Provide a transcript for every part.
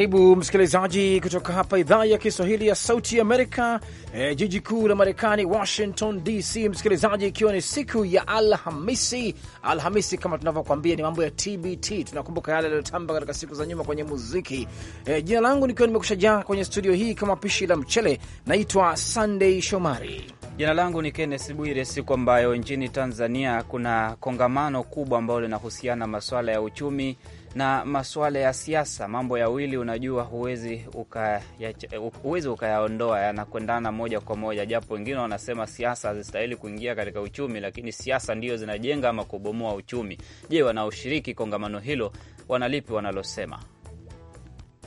Karibu msikilizaji kutoka hapa idhaa ya Kiswahili ya Sauti Amerika, e, jiji kuu la Marekani, Washington DC. Msikilizaji, ikiwa ni siku ya Alhamisi. Alhamisi kama tunavyokwambia ni mambo ya TBT, tunakumbuka yale yaliyotamba katika siku za nyuma kwenye muziki. E, jina langu nikiwa nimekusha jaa kwenye studio hii kama pishi la mchele, naitwa Sunday Shomari. Jina langu ni Kennes Bwire. Siku ambayo nchini Tanzania kuna kongamano kubwa ambalo linahusiana na masuala ya uchumi na masuala ya siasa, mambo ya wili, unajua huwezi ukaya, ukayaondoa, yanakwendana moja kwa moja, japo wengine wanasema siasa hazistahili kuingia katika uchumi, lakini siasa ndiyo zinajenga ama kubomoa uchumi. Je, wanaoshiriki kongamano hilo wanalipi wanalosema?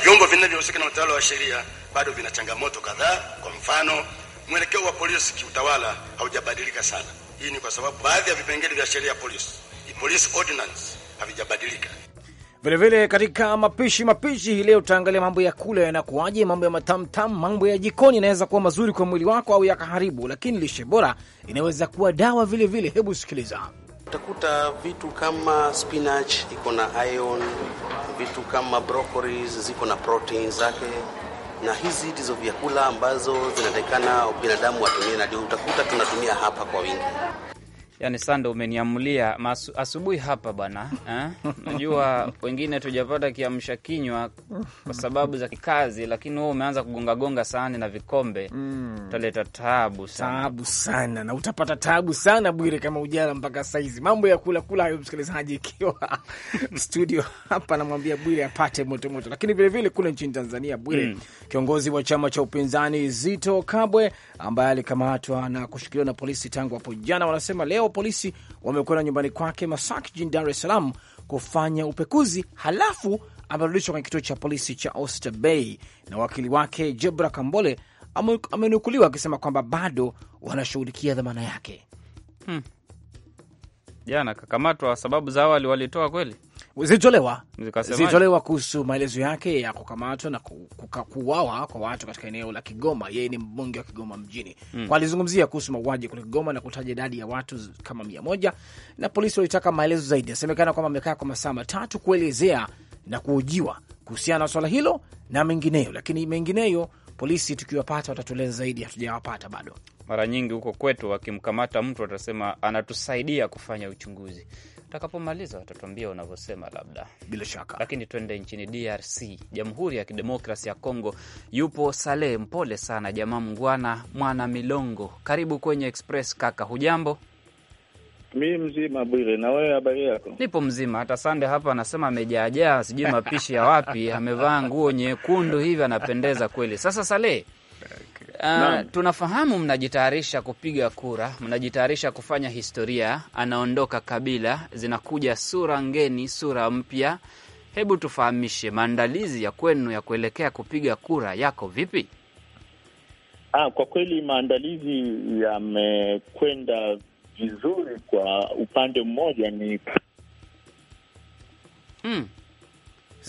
Vyombo vinavyohusika na utawala wa sheria bado vina changamoto kadhaa. Kwa mfano, mwelekeo wa polisi kiutawala haujabadilika sana. Hii ni kwa sababu baadhi ya vipengele vya sheria ya polisi, polisi ordinance, havijabadilika Vilevile katika mapishi mapishi, hii leo tutaangalia mambo ya kula yanakuwaje, mambo ya matamtam, mambo ya jikoni yanaweza kuwa mazuri kwa mwili wako au yakaharibu, lakini lishe bora inaweza kuwa dawa vilevile vile. Hebu sikiliza. Utakuta vitu kama spinach iko na iron, vitu kama broccoli ziko na protein zake, na hizi ndizo vyakula ambazo zinatakikana binadamu watumie, na ndio utakuta tunatumia hapa kwa wingi. Yani sando umeniamulia asubuhi hapa bwana. Najua wengine tujapata kiamsha kinywa kwa sababu za kikazi, lakini wewe umeanza kugongagonga sahani na vikombe mm. Utaleta taabu sana, taabu sana na utapata taabu sana Bwire, kama ujala mpaka saizi mambo ya kula kula hayo. Msikilizaji, ikiwa studio hapa namwambia Bwire apate motomoto, lakini vilevile kule nchini Tanzania Bwire mm. kiongozi wa chama cha upinzani Zito Kabwe ambaye alikamatwa na kushikiliwa na polisi tangu hapo jana, wanasema leo leo polisi wamekwenda nyumbani kwake Masaki jijini Dar es Salaam kufanya upekuzi, halafu amerudishwa kwenye kituo cha polisi cha Oyster Bay, na wakili wake Jebra Kambole amenukuliwa akisema kwamba bado wanashughulikia dhamana yake. Hmm, kakamatwa, sababu za awali walitoa kweli zilitolewa zilitolewa kuhusu maelezo yake ya kukamatwa na kuuawa kwa watu katika eneo la Kigoma. Yeye ni mbunge wa Kigoma mjini mm. kwa alizungumzia kuhusu mauaji kule Kigoma na kutaja idadi ya watu kama mia moja na polisi walitaka maelezo zaidi. Asemekana kwamba amekaa kwa masaa matatu kuelezea na kuhojiwa kuhusiana na swala hilo na mengineyo, lakini mengineyo polisi tukiwapata watatueleza zaidi, hatujawapata bado. Mara nyingi huko kwetu wakimkamata mtu atasema anatusaidia kufanya uchunguzi Utakapomaliza watatuambia unavyosema, labda bila shaka. Lakini twende nchini DRC, Jamhuri ya Kidemokrasi ya Kongo. Yupo salehe mpole sana jamaa, mngwana, mwana milongo. Karibu kwenye Express kaka, hujambo? Mi mzima Bwire, na wewe habari yako? Nipo mzima. Hata Sande hapa anasema amejaajaa, sijui mapishi ya wapi, amevaa nguo nyekundu hivi, anapendeza kweli. Sasa salehe Uh, tunafahamu mnajitayarisha kupiga kura, mnajitayarisha kufanya historia. Anaondoka Kabila, zinakuja sura ngeni, sura mpya. Hebu tufahamishe maandalizi ya kwenu ya kuelekea kupiga kura yako vipi? Ah, kwa kweli maandalizi yamekwenda vizuri. Kwa upande mmoja ni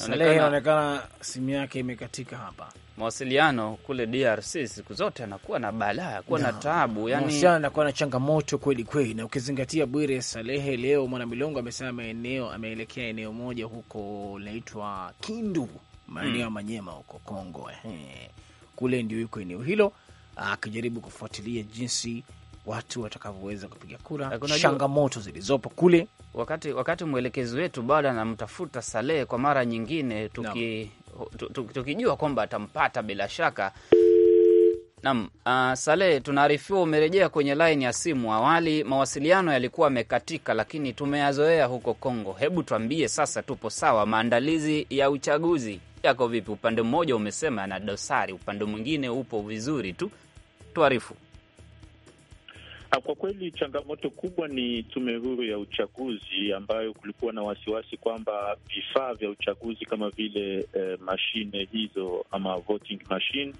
Salehe inaonekana simu yake imekatika hapa. Mawasiliano kule DRC siku zote anakuwa na balaa, kuwa na taabu, yani mawasiliano anakuwa na changamoto kweli kweli, na ukizingatia Bwire Salehe leo Mwanamilongo amesema maeneo ameelekea eneo moja huko linaitwa Kindu, maeneo ya hmm, Manyema huko Kongo, kule ndio yuko eneo hilo akijaribu kufuatilia jinsi watu watakavyoweza kupiga kura, changamoto zilizopo kule. Wakati, wakati mwelekezi wetu bado anamtafuta Salehe kwa mara nyingine, tukijua no. tuki, tuki kwamba atampata bila shaka. Nam uh, ah, Saleh, tunaarifiwa umerejea kwenye laini ya simu. Awali mawasiliano yalikuwa amekatika lakini tumeyazoea huko Kongo. Hebu tuambie sasa, tupo sawa? Maandalizi ya uchaguzi yako vipi? Upande mmoja umesema yana dosari, upande mwingine upo vizuri tu, tuarifu. Ah, kwa kweli changamoto kubwa ni tume huru ya uchaguzi, ambayo kulikuwa na wasiwasi kwamba vifaa vya uchaguzi kama vile eh, mashine hizo ama voting machine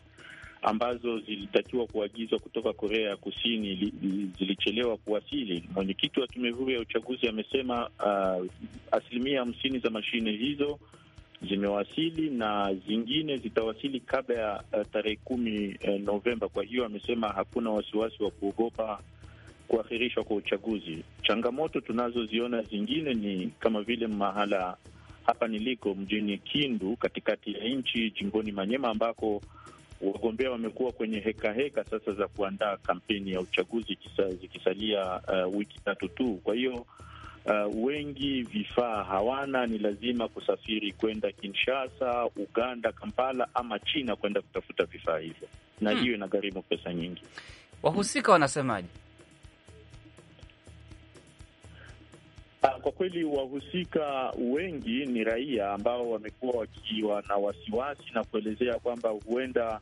ambazo zilitakiwa kuagizwa kutoka Korea ya Kusini zilichelewa kuwasili. Mwenyekiti wa tume huru ya uchaguzi amesema uh, asilimia hamsini za mashine hizo zimewasili na zingine zitawasili kabla ya uh, tarehe kumi uh, Novemba. Kwa hiyo amesema hakuna wasiwasi wa kuogopa kuahirishwa kwa uchaguzi. Changamoto tunazoziona zingine ni kama vile mahala hapa niliko mjini Kindu katikati ya nchi jimboni Manyema ambako wagombea wamekuwa kwenye hekaheka heka sasa za kuandaa kampeni ya uchaguzi zikisalia uh, wiki tatu tu. Kwa hiyo uh, wengi vifaa hawana, ni lazima kusafiri kwenda Kinshasa, Uganda, Kampala ama China kwenda kutafuta vifaa hivyo, na hmm. hiyo hmm, inagharimu pesa nyingi. Wahusika wanasemaje? Ah, kwa kweli wahusika wengi ni raia ambao wamekuwa wakiwa na wasiwasi na kuelezea kwamba huenda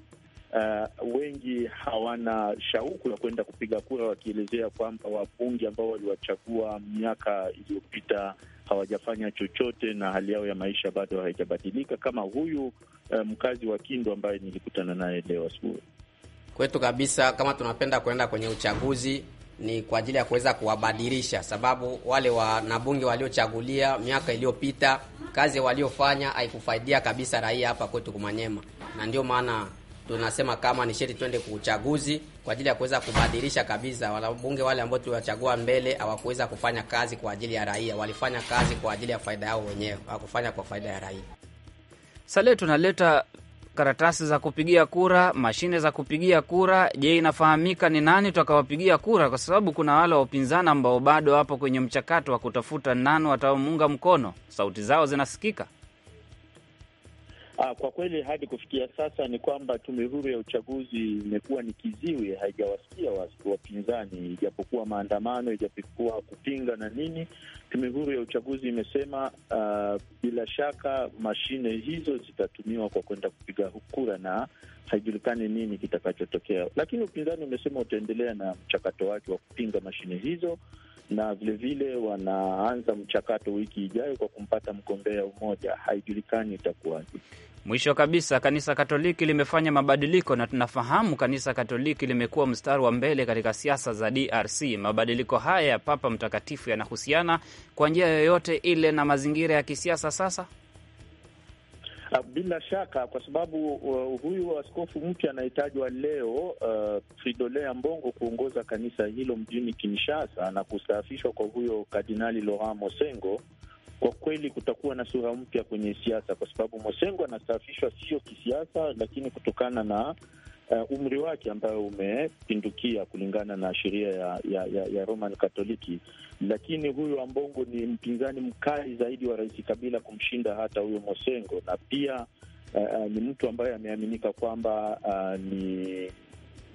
uh, wengi hawana shauku ya kwenda kupiga kura, wakielezea kwamba wabunge ambao waliwachagua miaka iliyopita hawajafanya chochote na hali yao ya maisha bado haijabadilika, kama huyu uh, mkazi wa Kindu ambaye nilikutana naye leo asubuhi. Kwetu kabisa, kama tunapenda kuenda kwenye uchaguzi ni kwa ajili ya kuweza kuwabadilisha, sababu wale wanabunge waliochagulia miaka iliyopita kazi waliofanya haikufaidia kabisa raia hapa kwetu Kumanyema, na ndio maana tunasema kama ni sheti twende kuuchaguzi kwa ajili ya kuweza kubadilisha kabisa. Wanabunge wale ambao tuliwachagua mbele hawakuweza kufanya kazi kwa ajili ya raia, walifanya kazi kwa ajili ya faida yao wenyewe, hawakufanya kwa faida ya raia. sale tunaleta karatasi za kupigia kura, mashine za kupigia kura. Je, inafahamika ni nani tutakawapigia kura? Kwa sababu kuna wale wa upinzani ambao bado wapo kwenye mchakato wa kutafuta nani watawamuunga mkono, sauti zao zinasikika. Ah, kwa kweli hadi kufikia sasa ni kwamba tume huru ya uchaguzi imekuwa ni kiziwi, haijawasikia wapinzani, ijapokuwa maandamano, ijapokuwa kupinga na nini. Tume huru ya uchaguzi imesema uh, bila shaka mashine hizo zitatumiwa kwa kwenda kupiga kura na haijulikani nini kitakachotokea, lakini upinzani umesema utaendelea na mchakato wake wa kupinga mashine hizo na vilevile wanaanza mchakato wiki ijayo kwa kumpata mgombea umoja. Haijulikani itakuwaje. Mwisho kabisa, kanisa Katoliki limefanya mabadiliko, na tunafahamu kanisa Katoliki limekuwa mstari wa mbele katika siasa za DRC. Mabadiliko haya ya Papa Mtakatifu yanahusiana kwa njia yoyote ile na mazingira ya kisiasa sasa? Bila shaka kwa sababu uh, huyu askofu mpya anahitajwa leo uh, Fridolin Ambongo kuongoza kanisa hilo mjini Kinshasa na kustaafishwa kwa huyo Kardinali Laurent Mosengo, kwa kweli kutakuwa na sura mpya kwenye siasa, kwa sababu Mosengo anastaafishwa sio kisiasa, lakini kutokana na uh, umri wake ambayo umepindukia kulingana na sheria ya, ya, ya, ya Roman Katoliki, lakini huyu Ambongo ni mpinzani mkali zaidi wa Rais Kabila kumshinda hata huyo Mosengo, na pia uh, ni mtu ambaye ameaminika kwamba uh, ni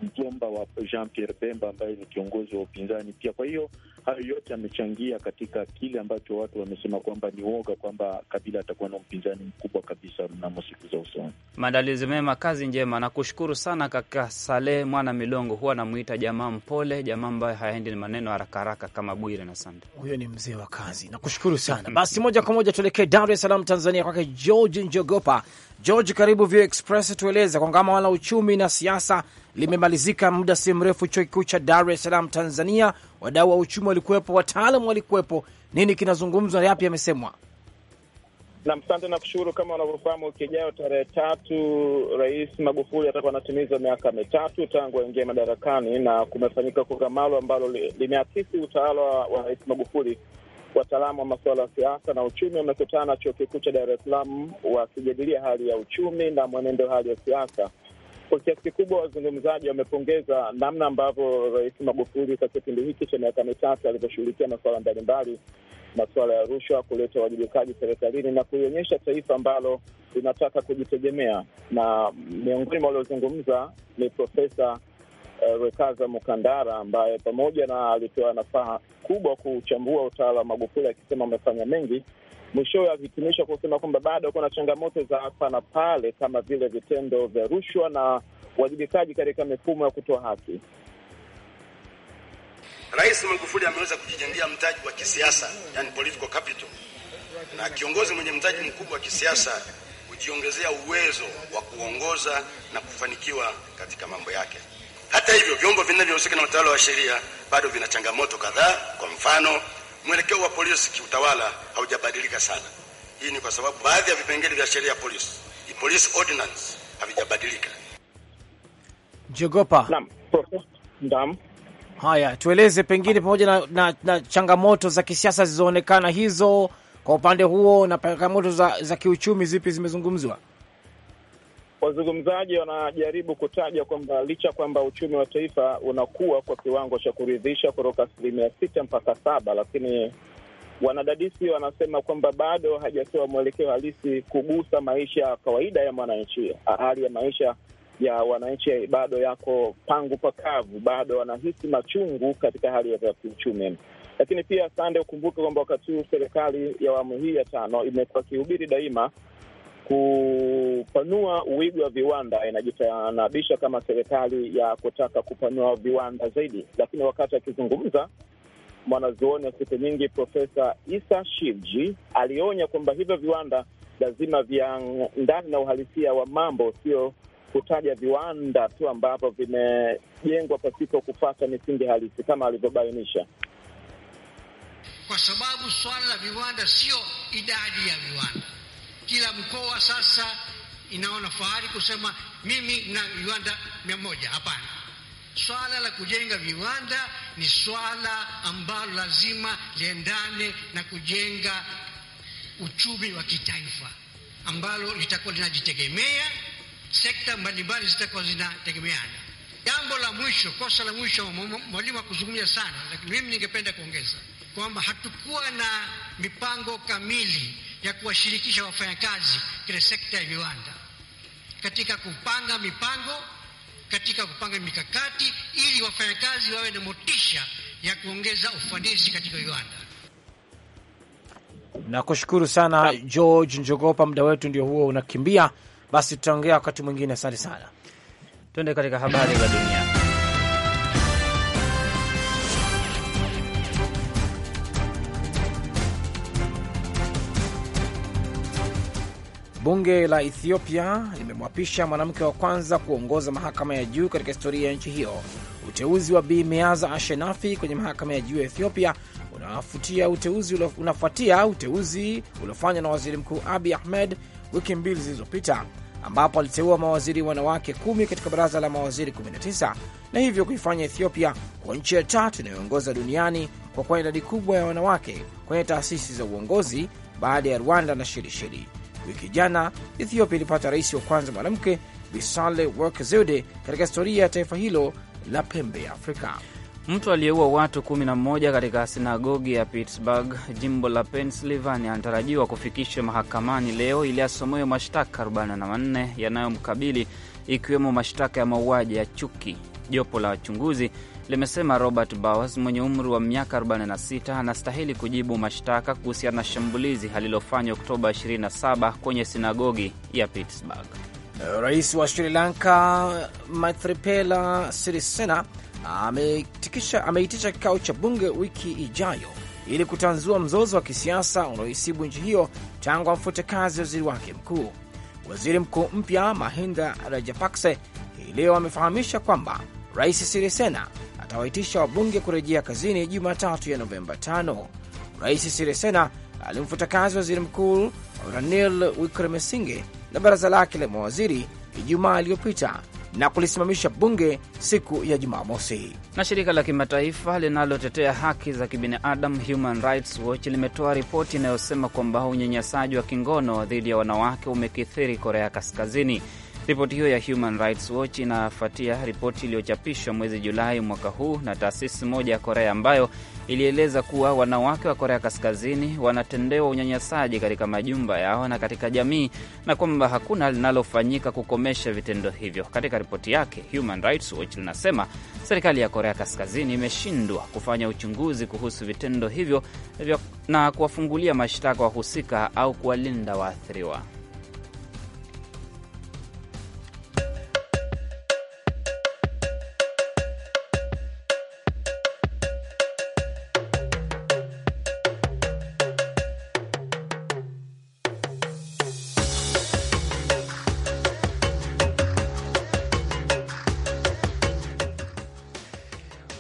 mjomba wa Jean Pierre Bemba ambaye ni kiongozi wa upinzani pia. Kwa hiyo Hayo yote yamechangia katika kile ambacho watu wamesema kwamba ni oga kwamba Kabila atakuwa na mpinzani mkubwa kabisa mnamo siku za usoni. Maandalizi mema, kazi njema, nakushukuru sana kaka Saleh Mwana Milongo. Huwa namwita jamaa mpole, jamaa ambaye haendi maneno haraka haraka kama Bwire na Sande. Huyo ni mzee wa kazi, nakushukuru sana. Basi moja kwa moja tuelekee Dar es Salaam, Tanzania, kwake George Njogopa. George, karibu Vio Express. Tueleze kongamano la uchumi na siasa limemalizika muda si mrefu chuo kikuu cha Dar es Salaam, Tanzania wadau wa uchumi walikuwepo, wataalam walikuwepo. Nini kinazungumzwa, yapi yamesemwa? Nam, asante na kushukuru. Kama wanavyofahamu, wiki ijayo tarehe tatu, Rais Magufuli atakuwa anatimiza miaka mitatu tangu aingia madarakani, na kumefanyika kongamano ambalo limeakisi utawala wa Rais Magufuli. Wataalamu wa masuala ya siasa na uchumi wamekutana chuo kikuu cha Dar es Salaam wakijadilia hali ya uchumi na mwenendo hali ya siasa kwa kiasi kikubwa wazungumzaji wamepongeza namna ambavyo Rais Magufuli kwa kipindi hiki cha miaka mitatu alivyoshughulikia masuala mbalimbali, masuala ya rushwa, kuleta uwajibikaji serikalini na kuionyesha taifa ambalo linataka kujitegemea. Na miongoni mwa waliozungumza ni Profesa uh, eh, Rekaza Mukandara ambaye pamoja na alipewa nafaa kubwa kuchambua utawala wa Magufuli akisema amefanya mengi mwishowe avitimisha kwa kusema kwamba bado kuna changamoto za hapa na pale kama vile vitendo vya rushwa na uwajibikaji katika mifumo ya kutoa haki. Rais Magufuli ameweza kujijengea mtaji wa kisiasa, yani political capital, na kiongozi mwenye mtaji mkubwa wa kisiasa hujiongezea uwezo wa kuongoza na kufanikiwa katika mambo yake. Hata hivyo, vyombo vinavyohusika na utawala wa sheria bado vina changamoto kadhaa, kwa mfano mwelekeo wa polisi kiutawala haujabadilika sana. Hii ni kwa sababu baadhi ya vipengele vya sheria ya polisi, police ordinance, havijabadilika. Jogopa, naam. Haya, tueleze pengine pamoja na, na, na changamoto za kisiasa zilizoonekana hizo kwa upande huo na changamoto za, za kiuchumi zipi zimezungumzwa? wazungumzaji wanajaribu kutaja kwamba licha kwamba uchumi wa taifa unakuwa kwa kiwango cha kuridhisha kutoka asilimia sita mpaka saba, lakini wanadadisi wanasema kwamba bado hajatoa mwelekeo halisi kugusa maisha ya kawaida ya mwananchi. Hali ya maisha ya wananchi bado yako pangu pakavu, bado wanahisi machungu katika hali ya kiuchumi. Lakini pia Sande, ukumbuke kwamba wakati huu serikali ya awamu hii ya tano imekuwa ikihubiri daima kupanua uwigo wa viwanda. Inajitanabisha kama serikali ya kutaka kupanua viwanda zaidi, lakini wakati akizungumza mwanazuoni wa siku nyingi Profesa Isa Shivji alionya kwamba hivyo viwanda lazima vya ndani na uhalisia wa mambo, sio kutaja viwanda tu ambavyo vimejengwa pasipo kufata misingi halisi, kama alivyobainisha, kwa sababu swala la viwanda sio idadi ya viwanda kila mkoa sasa inaona fahari kusema mimi na viwanda mia moja. Hapana, swala la kujenga viwanda ni swala ambalo lazima liendane na kujenga uchumi wa kitaifa ambalo litakuwa linajitegemea, sekta mbalimbali zitakuwa zinategemeana. Jambo la mwisho, kosa la mwisho, mwalimu akuzungumza sana, lakini mimi ningependa kuongeza kwamba hatukuwa na mipango kamili ya kuwashirikisha wafanyakazi katika sekta ya viwanda katika kupanga mipango, katika kupanga mikakati ili wafanyakazi wawe na motisha ya kuongeza ufanisi katika viwanda. Na kushukuru sana George Njogopa, muda wetu ndio huo unakimbia, basi tutaongea wakati mwingine. Asante sana, tuende katika habari za dunia. Bunge la Ethiopia limemwapisha mwanamke wa kwanza kuongoza mahakama ya juu katika historia ya nchi hiyo. Uteuzi wa Bi Meaza Ashenafi kwenye mahakama ya juu ya Ethiopia unafuatia uteuzi uliofanywa na waziri mkuu Abi Ahmed wiki mbili zilizopita, ambapo aliteua mawaziri wanawake kumi katika baraza la mawaziri 19 na hivyo kuifanya Ethiopia kwa nchi ya tatu inayoongoza duniani kwa kuwa idadi kubwa ya wanawake kwenye taasisi za uongozi baada ya Rwanda na Shirishiri. Wiki jana Ethiopia ilipata rais wa kwanza mwanamke Bisale Work Zewde katika historia ya taifa hilo la pembe ya Afrika. Mtu aliyeua watu 11 katika sinagogi ya Pittsburgh, jimbo la Pennsylvania, anatarajiwa kufikishwa mahakamani leo ili asomewe mashtaka 44 yanayomkabili ikiwemo mashtaka ya mauaji ya chuki. Jopo la wachunguzi limesema Robert Bowers mwenye umri wa miaka 46 anastahili kujibu mashtaka kuhusiana na shambulizi alilofanya Oktoba 27 kwenye sinagogi ya Pittsburgh. Rais wa Sri Lanka Maithripala Sirisena ameitisha kikao cha bunge wiki ijayo ili kutanzua mzozo wa kisiasa unaoisibu nchi hiyo tangu amfute kazi waziri wake mkuu. Waziri mkuu mpya Mahinda Rajapakse hii leo amefahamisha kwamba Rais Sirisena atawaitisha wabunge kurejea kazini Jumatatu ya Novemba 5. Rais Sirisena alimfuta kazi waziri mkuu Ranil Wickremesinghe na baraza lake la mawaziri Ijumaa iliyopita na kulisimamisha bunge siku ya Jumamosi. Na shirika la kimataifa linalotetea haki za kibinadamu Human Rights Watch limetoa ripoti inayosema kwamba unyanyasaji wa kingono dhidi ya wanawake umekithiri Korea Kaskazini. Ripoti hiyo ya Human Rights Watch inafuatia ripoti iliyochapishwa mwezi Julai mwaka huu na taasisi moja ya Korea ambayo ilieleza kuwa wanawake wa Korea Kaskazini wanatendewa unyanyasaji katika majumba yao na katika jamii na kwamba hakuna linalofanyika kukomesha vitendo hivyo. Katika ripoti yake, Human Rights Watch linasema serikali ya Korea Kaskazini imeshindwa kufanya uchunguzi kuhusu vitendo hivyo na kuwafungulia mashtaka wahusika au kuwalinda waathiriwa.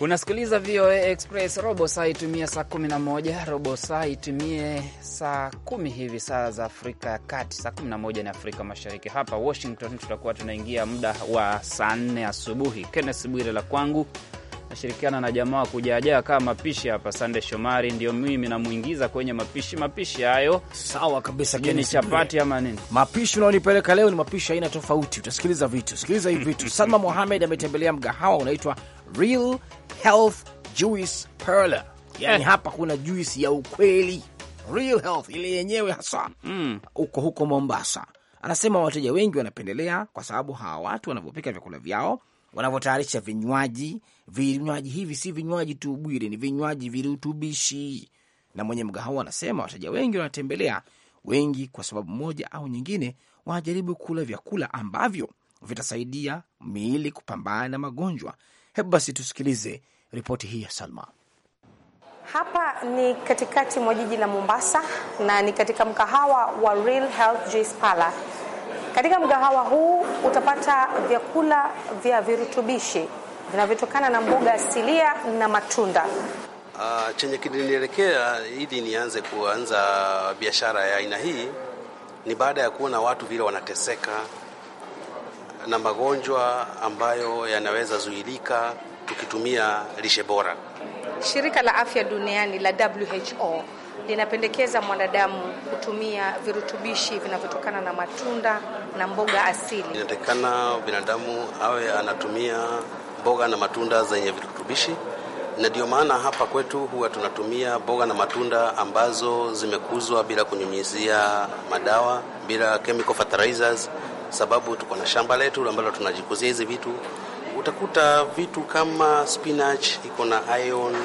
Unasikiliza VOA Express. Robo saa itumie saa 11, robo saa itumie saa kumi hivi saa za Afrika ya Kati, saa 11 ni Afrika Mashariki. Hapa Washington tutakuwa tunaingia muda wa saa 4 asubuhi. Kennes Bwire la kwangu nashirikiana na jamaa wa kujaajaa kama mapishi hapa. Sande Shomari ndio mimi namwingiza kwenye mapishi. Mapishi hayo sawa kabisa, ni chapati ama nini? Mapishi unaonipeleka leo ni mapishi aina tofauti, utasikiliza vitu. Sikiliza hivi vitu Salma Mohamed ametembelea mgahawa unaitwa real health juice perla, yani eh. hapa kuna juisi ya ukweli real health ile yenyewe hasa mm. uko huko Mombasa. Anasema wateja wengi wanapendelea kwa sababu hawa watu wanavyopika vyakula vyao, wanavyotayarisha vinywaji. Vinywaji hivi si vinywaji tu bwiri ni vinywaji virutubishi. Na mwenye mgahawa anasema wateja wengi wanatembelea wengi kwa sababu moja au nyingine, wanajaribu kula vyakula ambavyo vitasaidia miili kupambana na magonjwa Hebu basi tusikilize ripoti hii ya Salma. Hapa ni katikati mwa jiji la Mombasa na ni katika mkahawa wa Real Health Juice Parlor. Katika mgahawa huu utapata vyakula vya virutubishi vinavyotokana na mboga asilia na matunda. Uh, chenye kilinielekea ili nianze kuanza biashara ya aina hii ni baada ya kuona watu vile wanateseka na magonjwa ambayo yanaweza zuilika tukitumia lishe bora. Shirika la Afya Duniani la WHO linapendekeza mwanadamu kutumia virutubishi vinavyotokana na matunda na mboga asili. Inatakikana binadamu awe anatumia mboga na matunda zenye virutubishi, na ndiyo maana hapa kwetu huwa tunatumia mboga na matunda ambazo zimekuzwa bila kunyunyizia madawa, bila chemical fertilizers sababu tuko na shamba letu ambalo tunajikuzia hizi vitu. Utakuta vitu kama spinach iko na iron,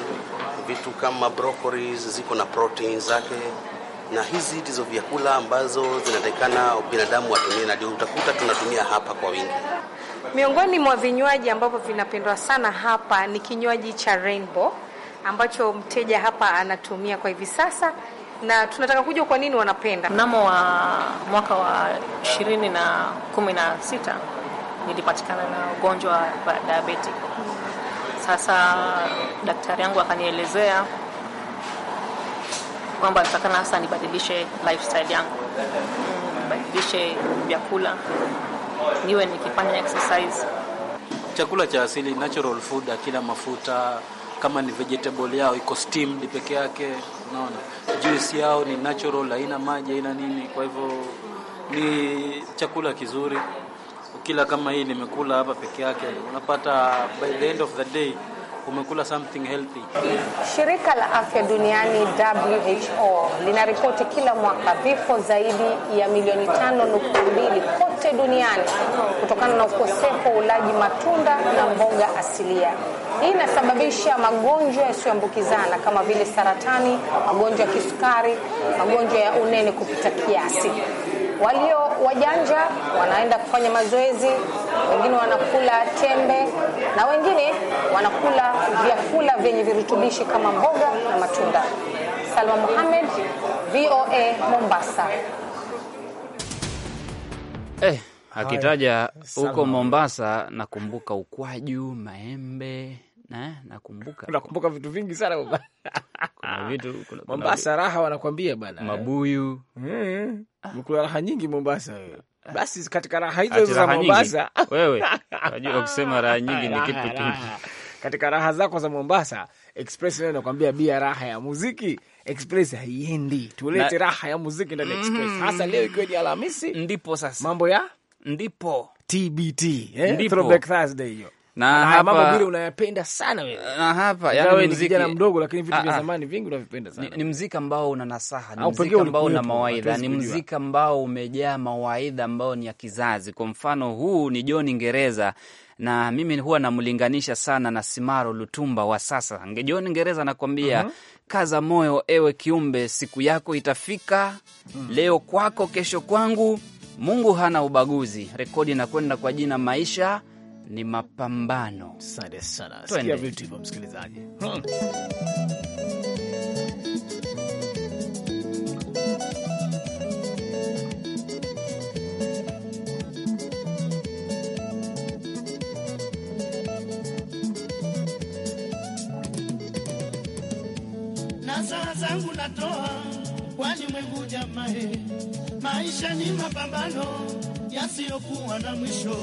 vitu kama broccoli ziko na protein zake, na hizi ndizo vyakula ambazo zinatakikana binadamu atumie, na ndio utakuta tunatumia hapa kwa wingi. Miongoni mwa vinywaji ambavyo vinapendwa sana hapa ni kinywaji cha Rainbow ambacho mteja hapa anatumia kwa hivi sasa na tunataka kujua kwa nini wanapenda. Mnamo wa mwaka wa ishirini na kumi na sita nilipatikana na ugonjwa wa diabeti. Sasa daktari yangu akanielezea kwamba nitakana hasa nibadilishe lifestyle yangu, nibadilishe vyakula, niwe nikifanya exercise, chakula cha asili, natural food, akila mafuta kama ni vegetable yao iko steamed peke yake, unaona juice yao ni natural, haina maji haina nini, kwa hivyo ni chakula kizuri. Ukila kama hii nimekula hapa peke yake, unapata by the end of the day umekula something healthy. Shirika la Afya Duniani WHO linaripoti kila mwaka vifo zaidi ya milioni tano nukta mbili kote duniani kutokana na ukosefu wa ulaji matunda na mboga asilia. Hii inasababisha magonjwa yasiyoambukizana kama vile saratani, magonjwa ya kisukari, magonjwa ya unene kupita kiasi. Walio wajanja wanaenda kufanya mazoezi wengine wanakula tembe na wengine wanakula vyakula vyenye virutubishi kama mboga na matunda. Salma Mohamed, VOA Mombasa. Eh, akitaja huko Mombasa nakumbuka ukwaju, maembe na eh, nakumbuka nakumbuka vitu vingi sana kuna vitu kuna, Mombasa raha wanakwambia bana, mabuyu mm, mkula raha nyingi Mombasa. Basi katika raha hizo za Mombasa wewe unajua kusema raha nyingi ni kitu tu. Katika raha zako za Mombasa, Express leo nakwambia bia raha ya muziki Express haiendi, tulete raha ya muziki ndani ya mhm. Express hasa leo ikiwa ni Alhamisi. Ndipo sasa mambo ya ndipo TBT, eh? Throwback Thursday hiyo na hapa mambo vile unayapenda sana wewe, na hapa yani wewe ni kijana mdogo, lakini vitu ah, vya ah. zamani vingi unavipenda sana. Ni, ni mziki ambao una nasaha, ni mziki ambao una mawaidha, ni mziki ambao umejaa mawaidha ambao ni ya kizazi. Kwa mfano huu ni John Ngereza na mimi huwa namlinganisha sana na Simaro Lutumba wa sasa. John Ngereza anakwambia, uh mhm. -huh. kaza moyo ewe kiumbe, siku yako itafika. hmm. Leo kwako, kesho kwangu, Mungu hana ubaguzi. Rekodi inakwenda kwa jina Maisha ni mapambano. Asante sana, sikia vitu hivyo msikilizaji. Hmm. zangu natoa kwani mwengu jamae, eh, maisha ni mapambano yasiyokuwa na mwisho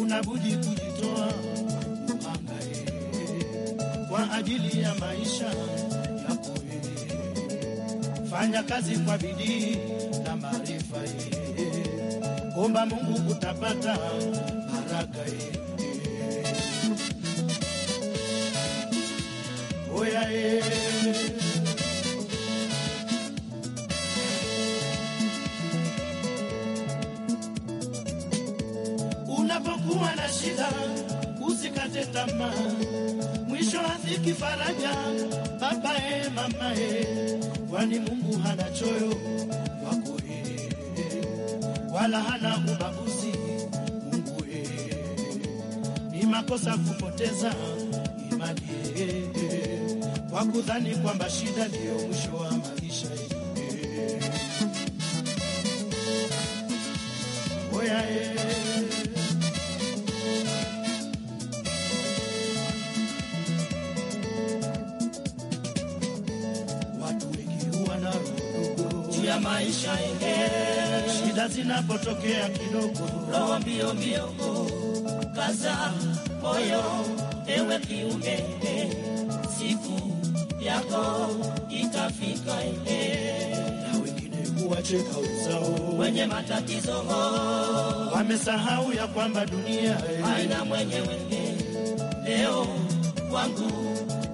unabudi kujitoa uhangaike kwa ajili ya maisha yako Fanya kazi kwa bidii na maarifa yeye, omba Mungu utapata baraka yeye. Oya yeye eh. mwisho afiki faraja, babae mamae, kwani Mungu hana choyo wako yeye, wala hana ubaguzi Mungu e, Ni makosa kupoteza imani e, kwa kudhani kwamba shida ndiyo mwisho wa maisha e. Oya e. maisha yenye shida zinapotokea kidogo, roho mbio mbio, kaza moyo ewe kiume, siku yako itafika ine wengine uzao wenye matatizo, wamesahau ya kwamba dunia haina wenge. Leo kwangu,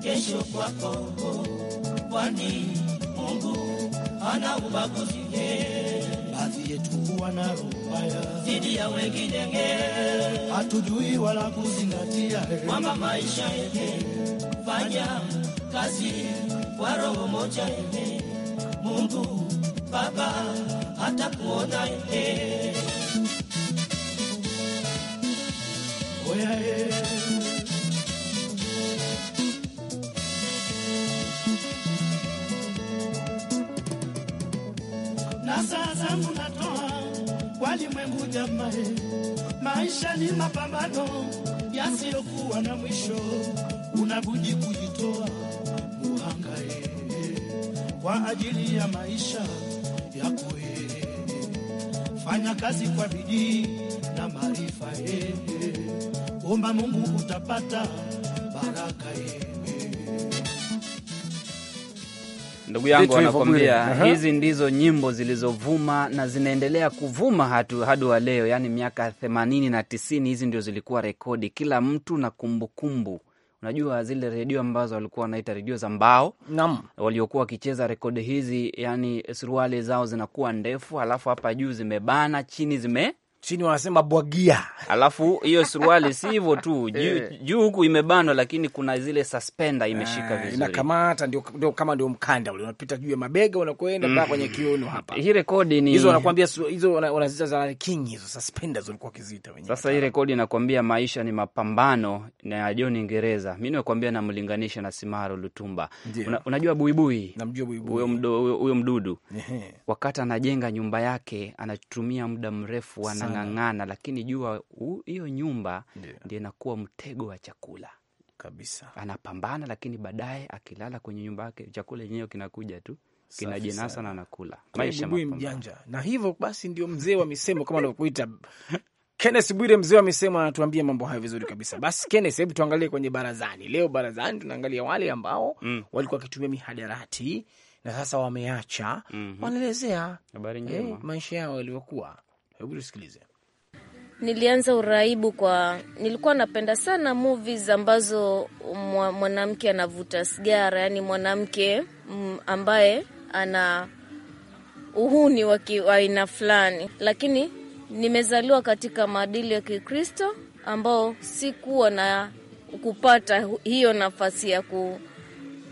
kesho kwako, kwani Mungu hana ubaguzi baadhi yetu wana rubaya dhidi ya wengine nge hatujui wala kuzingatia kwamba maisha yenye fanya kazi kwa roho moja yenye Mungu Baba hata kuona yenye oya oh Anasa zangu natoa walimwengu, jamae, maisha ni mapambano yasiyokuwa na mwisho, unabudi kujitoa uhangae kwa ajili ya maisha yako. Fanya kazi kwa bidii na maarifa, omba Mungu utapata baraka. Ndugu yangu anakwambia hizi ndizo nyimbo zilizovuma na zinaendelea kuvuma hadi wa leo, yaani miaka themanini na tisini, hizi ndio zilikuwa rekodi kila mtu na kumbukumbu kumbu. Unajua zile redio ambazo walikuwa wanaita redio za mbao, waliokuwa wakicheza rekodi hizi, yani suruali zao zinakuwa ndefu, halafu hapa juu zimebana, chini zime chini wanasema bwagia. Alafu hiyo suruali si hivyo tu eh. juu huku imebanwa, lakini kuna zile suspenda imeshika ah, vizuri, inakamata ndio, ndio, kama ndio mkanda ule unapita juu ya mabega unakwenda mpaka mm, kwenye kiuno hapa. Hii rekodi ni hizo, wanakuambia hizo wanazita za king, hizo suspenda zilikuwa kizita wenyewe. Sasa hii rekodi inakwambia maisha ni mapambano na ya John Ingereza, mimi nakwambia, namlinganisha na Simaro Lutumba. Una, unajua buibui, namjua buibui huyo mdo, huyo mdudu wakati anajenga nyumba yake anatumia muda mrefu ana unang'ang'ana, lakini jua hiyo nyumba ndio inakuwa mtego wa chakula kabisa. Anapambana, lakini baadaye akilala kwenye nyumba yake chakula yenyewe kinakuja tu kinajinasa na anakula maisha mjanja. Na hivyo basi ndio mzee wa misemo kama anavyokuita Kenneth Bwire, mzee wa misemo, anatuambia mambo hayo vizuri kabisa. Basi Kenneth, hebu tuangalie kwenye barazani leo. Barazani tunaangalia wale ambao mm, walikuwa wakitumia mihadarati na sasa wameacha, mm -hmm. wanaelezea habari eh, njema eh, maisha yao yalivyokuwa Hebu tusikilize. Nilianza uraibu kwa, nilikuwa napenda sana movies ambazo mwanamke anavuta sigara, yani mwanamke mm, ambaye ana uhuni wa aina fulani, lakini nimezaliwa katika maadili ya Kikristo ambao sikuwa na kupata hiyo nafasi ya ku,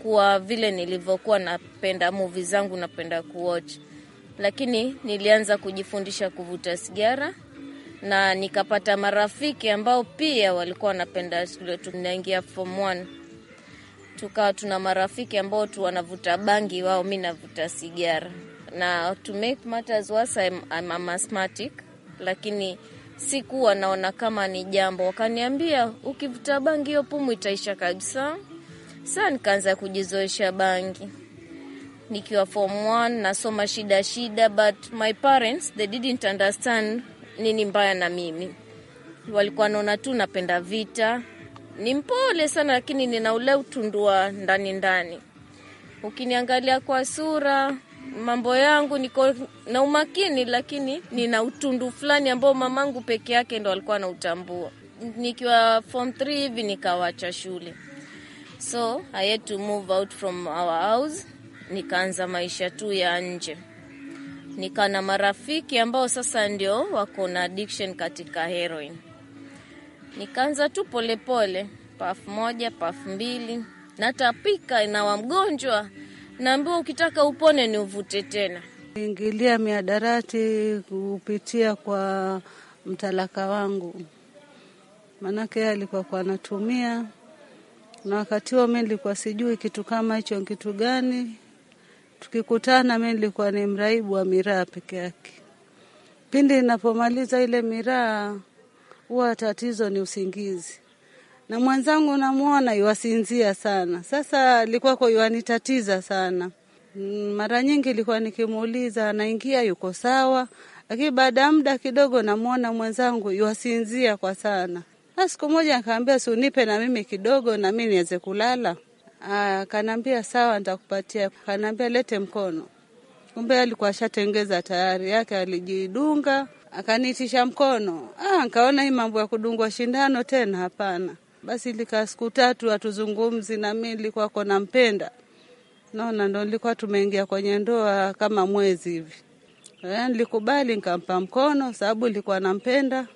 kuwa vile nilivyokuwa napenda mvi zangu napenda kuwatch lakini nilianza kujifundisha kuvuta sigara na nikapata marafiki ambao pia walikuwa wanapenda. Tunaingia form one, tukawa tuna marafiki ambao tu wanavuta bangi wao, mi navuta sigara. Na to make matters worse, I'm, I'm asthmatic, lakini sikuwa naona kama ni jambo. Wakaniambia ukivuta bangi hiyo pumu itaisha kabisa. Saa nikaanza kujizoesha bangi nikiwa form 1 nasoma shida shida, but my parents they didn't understand nini mbaya na mimi, walikuwa naona tu napenda vita, ni mpole sana, lakini nina ule utundua ndani ndani. Ukiniangalia kwa sura mambo yangu niko na umakini, lakini nina utundu fulani ambao mamangu peke yake ndo alikuwa anautambua. Nikiwa form 3 hivi nikawacha shule, so I had to move out from our house nikaanza maisha tu ya nje. na marafiki ambao sasa ndio wako na addiction katika heroin. Nikaanza tu polepole, pafu moja, pafu mbili, natapika inawa mgonjwa, naambiwa ukitaka upone ni uvute tena. Ingilia miadarati kupitia kwa mtalaka wangu, maanake alikuwa kwa anatumia, na wakati huo mi nilikuwa sijui kitu kama hicho kitu gani Tukikutana mi nilikuwa ni mraibu wa miraa peke yake. Pindi inapomaliza ile miraa, huwa tatizo ni usingizi, na mwenzangu namwona iwasinzia sana. Sasa alikuwa iwanitatiza sana. Mm, mara nyingi ilikuwa nikimuuliza, anaingia yuko sawa, lakini baada ya muda kidogo namwona mwenzangu iwasinzia kwa sana. siku moja nikaambia, si unipe na mimi kidogo, nami niweze kulala. Aya, kanaambia sawa, nitakupatia. Kanaambia lete mkono, kumbe alikuwa ashatengeza tayari yake, alijidunga akaniitisha mkono. Ah, nkaona hii mambo ya kudungwa shindano tena, hapana. Basi likaa siku tatu hatuzungumzi, nami nilikuwa kona mpenda naona, ndo nilikuwa tumeingia kwenye ndoa kama mwezi hivi. Eh, nilikubali nkampa mkono sababu nilikuwa nampenda,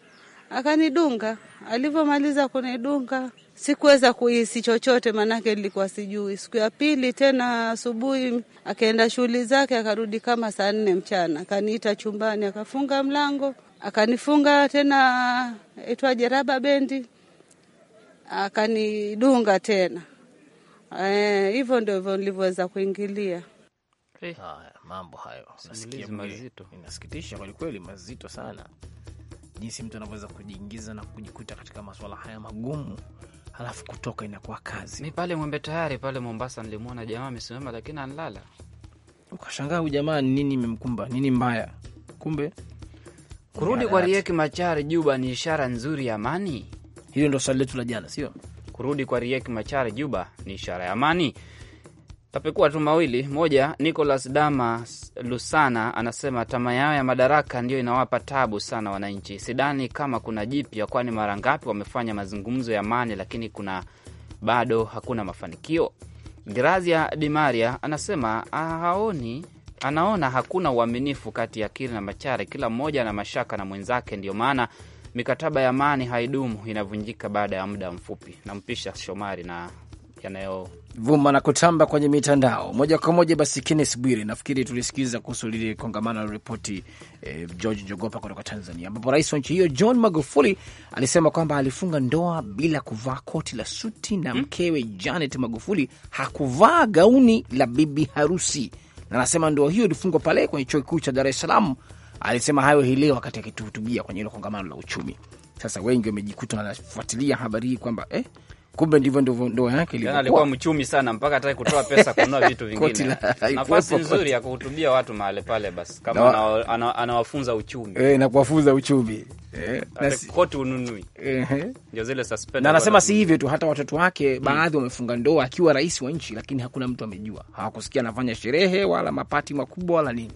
akanidunga. Alivyomaliza kunidunga Sikuweza kuhisi chochote, maanake nilikuwa sijui. Siku ya pili tena asubuhi akaenda shughuli zake, akarudi kama saa nne mchana, akaniita chumbani, akafunga mlango, akanifunga tena itwaje, raba bendi, akanidunga tena. Eh, hivyo e, ndo hivyo nilivyoweza kuingilia. Eh. Haya, mambo hayo inasikitisha kwelikweli, mazito sana, jinsi mtu anavyoweza kujiingiza na kujikuta katika masuala haya magumu alafu kutoka inakuwa kazi. Mi pale Mwembe Tayari pale Mombasa nilimwona jamaa amesimama, lakini anlala, ukashangaa huyu jamaa ni nini imemkumba, nini mbaya? Kumbe kurudi kwa Rieki Machari Juba ni ishara nzuri ya amani. hiyo ndo swali letu la jana, sio? Kurudi kwa Rieki Machari Juba ni ishara ya amani tapekua tu mawili. Moja, Nicolas Dama Lusana anasema tamaa yao ya madaraka ndio inawapa tabu sana wananchi. Sidhani kama kuna jipya, kwani mara ngapi wamefanya mazungumzo ya amani, lakini kuna bado hakuna mafanikio. Grazia Dimaria anasema ah, haoni, anaona hakuna uaminifu kati ya Kiri na Machare, kila mmoja ana mashaka na mwenzake, ndio maana mikataba ya amani haidumu, inavunjika baada ya muda mfupi. Nampisha Shomari na yanayovuma na kutamba kwenye mitandao moja kwa moja. Basi Kennes Bwire, nafikiri tulisikiza kuhusu lile kongamano la ripoti eh, George Njogopa kutoka Tanzania, ambapo rais wa nchi hiyo John Magufuli alisema kwamba alifunga ndoa bila kuvaa koti la suti na hmm? mkewe Janet Magufuli hakuvaa gauni la bibi harusi, na anasema ndoa hiyo ilifungwa pale kwenye chuo kikuu cha Dar es Salaam. Alisema hayo hii leo wakati akituhutubia kwenye hilo kongamano la uchumi. Sasa wengi wamejikuta wanafuatilia habari hii kwamba eh, kumbe ndivyo ndo ndoa yake ilikuwa. Alikuwa mchumi sana mpaka hataki kutoa pesa kununua vitu vingine. Nafasi nzuri ya kuhutubia watu mahali pale, basi kama anawafunza ana, uchumi eh, na kuwafunza uchumi e, koti ununui eh, ndio zile suspend na anasema si hivyo tu, hata watoto wake hmm, baadhi wamefunga ndoa akiwa rais wa nchi, lakini hakuna mtu amejua, hawakusikia anafanya sherehe wala mapati makubwa wala nini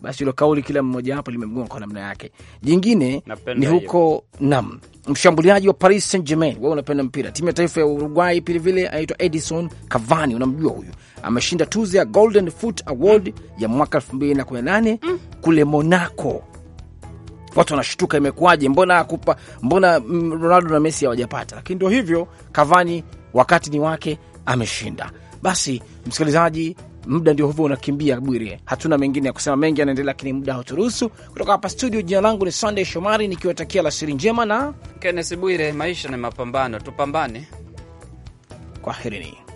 basi hilo kauli kila mmoja hapo limemgonga kwa namna yake. Jingine ni huko nam mshambuliaji wa Paris Saint Germain, wewe unapenda mpira, timu ya taifa ya Uruguay pili vile, anaitwa Edison Cavani, unamjua huyu, ameshinda tuzo ya Golden Foot Award ya mwaka 2018 mm. kule Monaco. Watu wanashtuka imekuwaje, mbona akupa, mbona mm, Ronaldo na Messi hawajapata? Lakini ndio hivyo, Cavani wakati ni wake ameshinda. Basi msikilizaji, muda ndio huvyo unakimbia, Bwire. Hatuna mengine ya kusema, mengi yanaendelea, lakini muda hauturuhusu. Kutoka hapa studio, jina langu ni Sunday Shomari, nikiwatakia lasiri njema na Kenneth Bwire. Maisha ni mapambano, tupambane. Kwaherini.